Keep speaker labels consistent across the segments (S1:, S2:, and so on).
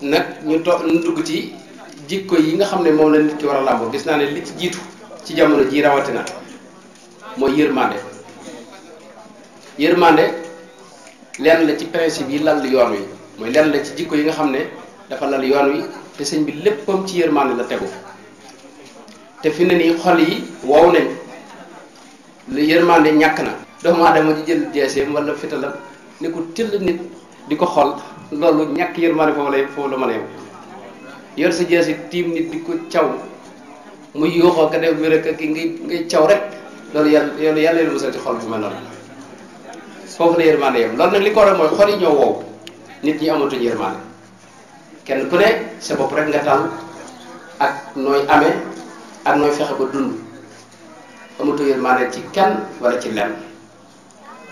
S1: nag ñu to ñu dugg ci jikko yi nga xam ne moom la nit ki war a làmb gis naa ne li ci jiitu ci jamono ji rawatina mooy yërmande yërmande lenn la ci principe yi lal yoon wi mooy lenn la ci jikko yi nga xam ne dafa lal yoon wi te sëñ bi léppam ci yërmande la tegu te fi ne nii xol yi wow nañ lu yërmande ñàkk na doomu aadama ji jël jeeseem wala fitalam ne ko tëll nit di ko xool loolu ñàkk yërmande foofu lay foofu la mën a yem yor sa jeesi tiim nit di ko caw muy yuuxoo ka def wér ki ngay ngay caw rek loolu yàlla yàlla leen musal ci xol bu mel noonu foofu la yërmande yem loolu nag li ko war mooy xol yi ñoo wow nit ñi amatuñ yërmande kenn ku ne sa bopp rek nga tànn ak nooy amee ak nooy fexe ba dund amatu yërmande ci kenn wala ci lenn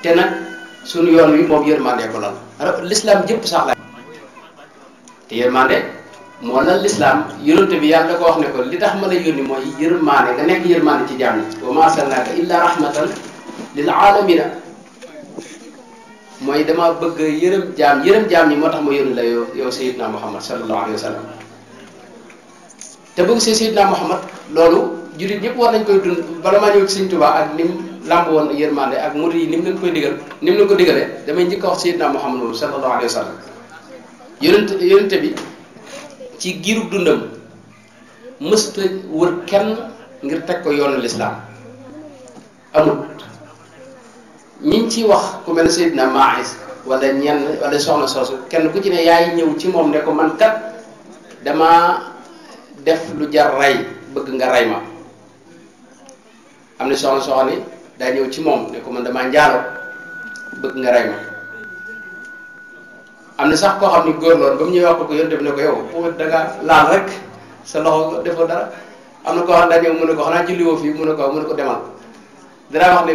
S1: te nag suñu yoon wi moom yërmande ko lal l'islam jëpp sax la te yërmande moo lal l'islam yonente bi yàlla da ko wax ne ko li tax ma la yónni mooy yërmande nga nekk yërmande ci jaam yi wa ma arsalnaaka illa rahmatan lil alamina mooy dama bëgg yërëm jaam yërëm jaam yi moo tax ma yónni la yow yow sayidna muhammad sallallahu alayhi wa sallam te bëgg see sayidna muhammad loolu jullit ñëpp war nañ koy dund bala maa ñëw ci sëñ ak nim làmb woon yërmande ak murid yi ni mu leen koy digal ni mu leen ko digalee damay njëkk a wax sayyidina Muhammad sallallahu alayhi wa sallam ci giiru dundam wër kenn ngir teg ko yoonu lislaam amul ñiñ ci wax ku mel ne sayyidina Maïs wala ñenn wala soxna soosu kenn ku ci ne yaay ñëw ci moom ne ko man dama def lu jar rey bëgg nga rey ma am na soxna soxna daa ñëw ci moom ne ko man damaa njaalo bëgg nga rey ma am na sax koo xam ni góor loon ba mu ñëwee wax ko yonent bi ko yow pour da rek sa loxo defoo dara am na koo xam daa ñëw mu ne ko xanaa julliwoo fii mu ne ko mu ko demal danaa wax ne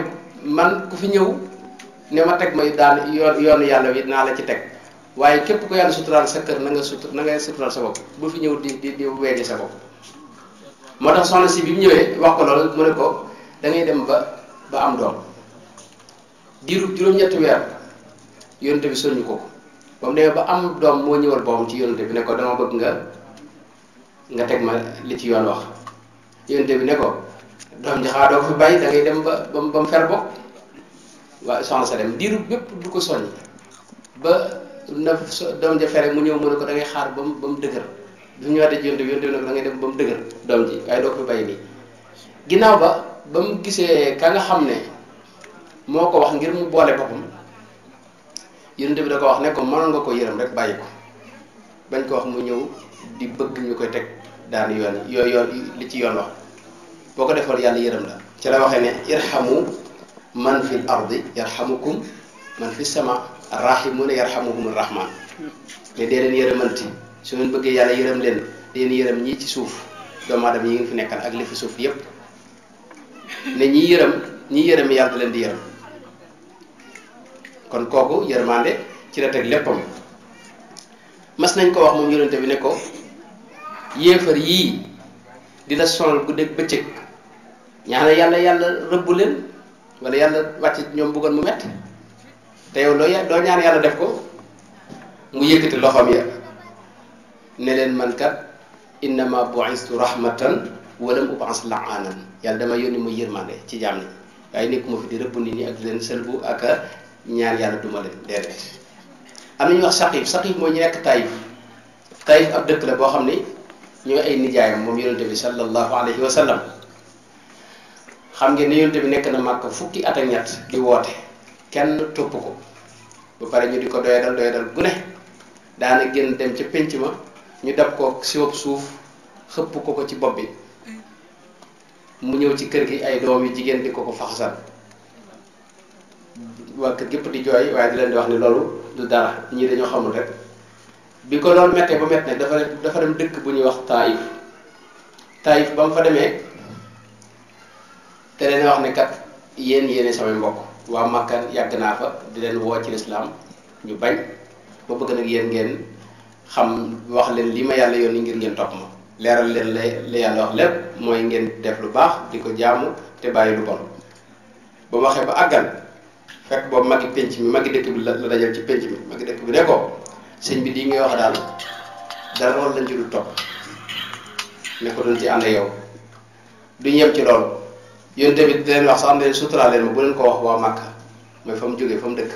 S1: man ku fi ñëw ne ma teg ma daan yoon yoonu yàlla wi naa la ci teg waaye képp ko yàlla suturaal sa kër na nga sutur na nga suturaal sa bopp bu fi ñëw di di di weedi sa bopp tax soxna si bi mu ñëwee dem ba ba am doom diru juróom-ñetti weer yonte bi soñu ko ba mu ba am doom moo ñëwal boom ci yonte bi ne ko dama bëgg nga nga teg ma li ci yoon wax yonte bi ne ko doom ji xaa doo fi bàyyi da ngay dem ba ba mu fer bokk waa soxna sa dem diru bépp du ko soñ ba na doom ja fere mu ñëw mu ne ko da ngay xaar ba mu ba mu dëgër du ñëwaatee ci yonte bi yonte bi ne ko da ngay dem ba mu dëgër doom ji waaye doo fi bàyyi nii ginnaaw ba ba mu gisee ka nga xam ne moo ko wax ngir mu boole boppam yonent bi da ko wax ne ko nga ko yërëm rek bàyyi ko bañ ko wax mu ñëw di bëgg ñu ko teg daan yoon yooyu yoon li ci yoon wax boo ko defoon yàlla yërëm la ci la waxee ne xamu man fil ardi yarhamukum man fi sama rahimuuna yarhamuhumur rahman mais dee leen yërëmanti su ngeen bëggee yàlla yërëm leen dee leen yërëm ñii ci suuf doomu aadama yi nga fi nekkal ak li fi suuf yépp ne ñi yërëm ñi yërëm yàlla leen di yërëm kon kooku yërmande ci la teg léppam mas nañ ko wax moom yonente bi ne ko yéefar yii di la sonal guddeeg bëccëg ñaana yàlla yàlla rëbbu leen wala yàlla wàcc ñoom bëggoon mu mett te yow loo doo ñaan yàlla def ko mu yëkkati loxoom ya ne leen man kat innama bu'istu rahmatan wala la anam yalla dama yoni mu yermane ci jaam ni nek mo fi di rebb nit ñi ak len leen sëlbu ak ñaan yalla duma len déedéet am na ñu wax saqif saqif mooy ñu nekk tayif taayif ab dekk la bo xamni ni ñu ay nijaay mom yoonte bi sallallahu alayhi wa sallam xam ngeen ni yoonte bi nek na makka fukki at ak ñatt di wote kenn top ko bu pare ñu di ko doyadal guneh, gune daana genn dem ci pénc ma ñu dab ko wop suuf xep ko ko ci bobbi mu ñëw ci kër gi ay doomi yu jigéen di ko ko faxasal wa kër gi di jooy waaye di leen di wax ni loolu du dara ñi dañoo xamul rek bi ko loolu mettee ba mett nag dafa dafa dem dëkk bu ñuy wax taayif taayif ba mu fa demee te leen wax ne kat yéen yéene samay mbokk waa makkan yàgg naa fa di leen woo ci lislaam ñu bañ ba bëgg nag yéen ngeen xam wax leen li ma yàlla yoon ngir ngeen topp ma leeral leen la la yàlla wax lépp mooy ngeen def lu baax di ko jaamu te bàyyi lu bon ba mu waxee ba àggal fekk boobu magi penc mi magi dëkk bi la la dajal ci penc mi magi dëkk bi ne ko sëñ bi di ngay wax daal dara loolu lañ ci du ci ànd yow duñ yem ci loolu yéen tamit di leen wax sax am leen bu leen ko wax waa Màkka mooy fa mu jógee mu dëkk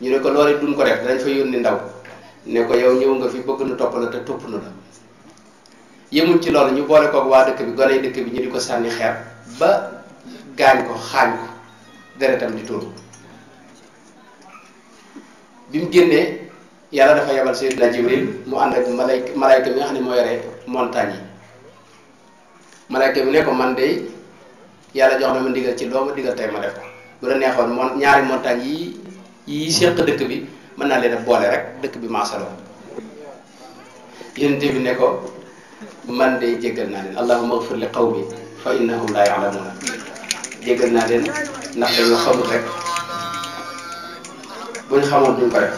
S1: ñu ne ko loolu duñ ko def danañ fa yónni ndaw ne ko yow ñëw nga fi bëgg na topp la te topp na la yemul ci lolu ñu boole ak waa dëkk bi gone dëkk bi ñu di ko sànni xeer ba gaañ ko xaañ ko deretam di tuur bi mu génnee yàlla dafa yabal la jibril mu ànd ak malayka malayka bi nga xam ne moo yore montagne yi malayka bi ne ko man de yàlla jox na ma ndigal ci doomu digal tey ma def ko bu la neexoon mon ñaari montagne yi yi séq dëkk bi mën naa leen a boole rek dëkk bi maasaloo yéen bi ne ko man de jéggal naa leen allahumma ghfir li qawmi fa innahum laa ya'lamuuna jéggal naa leen ndax dañoo xamul rek bu ñu xamoon duñ ko def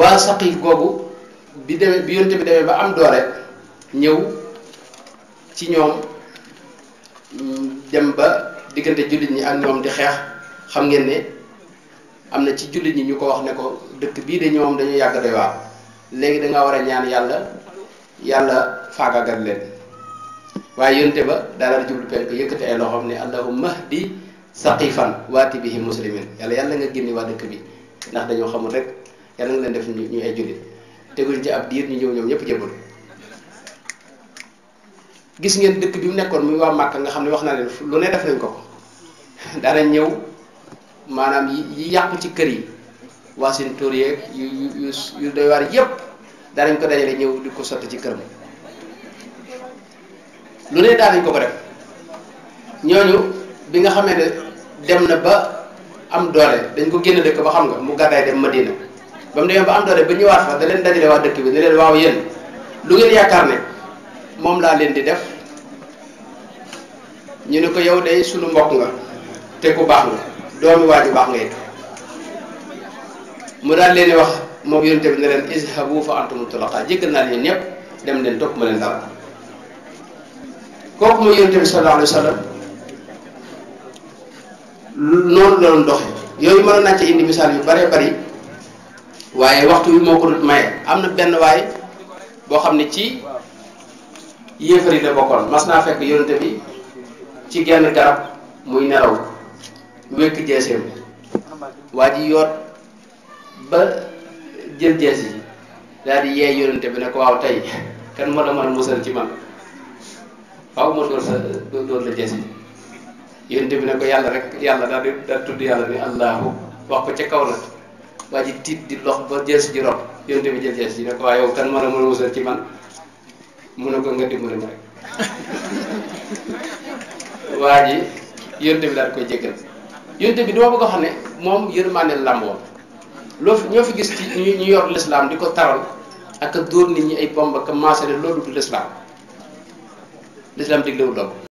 S1: waa saqif googu bi demee bi yonte bi demee ba am doole ñëw ci ñoom dem ba diggante jullit ñi ak ñoom di xeex xam ngeen ni am na ci jullit ñi ñu ko wax ne ko dëkk bii de ñoom dañu yàgg doy waar léegi danga war a ñaan yàlla yàlla faagagal leen waaye yonte ba daal di jublu penk yëkkati ay loxoom ne allahumma hdi saqifan waati bihi muslimin yàlla yàlla nga génne waa dëkk bi ndax dañoo xamul rek yàlla nga leen def ñu ay jullit teguñ ci ab diir ñu ñëw ñoom ñëpp jébbalu gis ngeen dëkk bi mu nekkoon muy waa Màkka nga xam ne wax na leen lu ne def nañ ko ko daana ñëw maanaam yi yàqu ci kër yi waa seen tur yeeg yu yu yu doy waar yëpp danañ ko dajale ñëw di ko sotti ci kër lu ne daanañ ko ko def ñooñu bi nga xamee ne dem na ba am doole dañ ko génn dëkk ba xam nga mu gàddaay dem Madina ba mu demee ba am doole ba ñëwaat fa da leen dajale waa dëkk bi ne leen waaw yéen lu ngeen yaakaar ne moom laa leen di def ñu ne ko yow day sunu mbokk nga te ku baax nga doomi waa ji baax ngay mu daal leen wax moom yonent bi ne leen izhabu fa antum tulaqa jéggal naa leen ñëpp dem leen topp ma leen dara kooku mooy yonent bi sallallahu noonu la doon doxe yooyu mën naa ci indi misaal yu bëree bëri waaye waxtu wi moo ko dut maye am na benn waay boo xam ne ci yéefar yi bokkoon mas naa fekk yonent bi ci genn garab muy nelaw wékk jeeseem waa ji yoot ba jël jees yi daal di yeey yonente bi ne ko waaw tey kan moo la mën a musal ci man waaw ma door sa door la jees yi yonente bi ne ko yàlla rek yàlla daal di daal tudd yàlla ni allahu wax ko ca kaw nag waa ji tiit di lox ba jees ji rob yonente bi jël jees yi ne ko waaw yow kan moo la mën a musal ci man mu ne ko nga dimbali ma rek waa ji yonente bi daal di koy jéggal yonente bi dama bëgg a xam ne moom yërmaane lamboo loo fi ñoo fi gis ci ñu ñu yor lislaam di ko taral ak a dóor nit ñi ay bomb ak a maasale loolu du lislaam lislaam diglewul loolu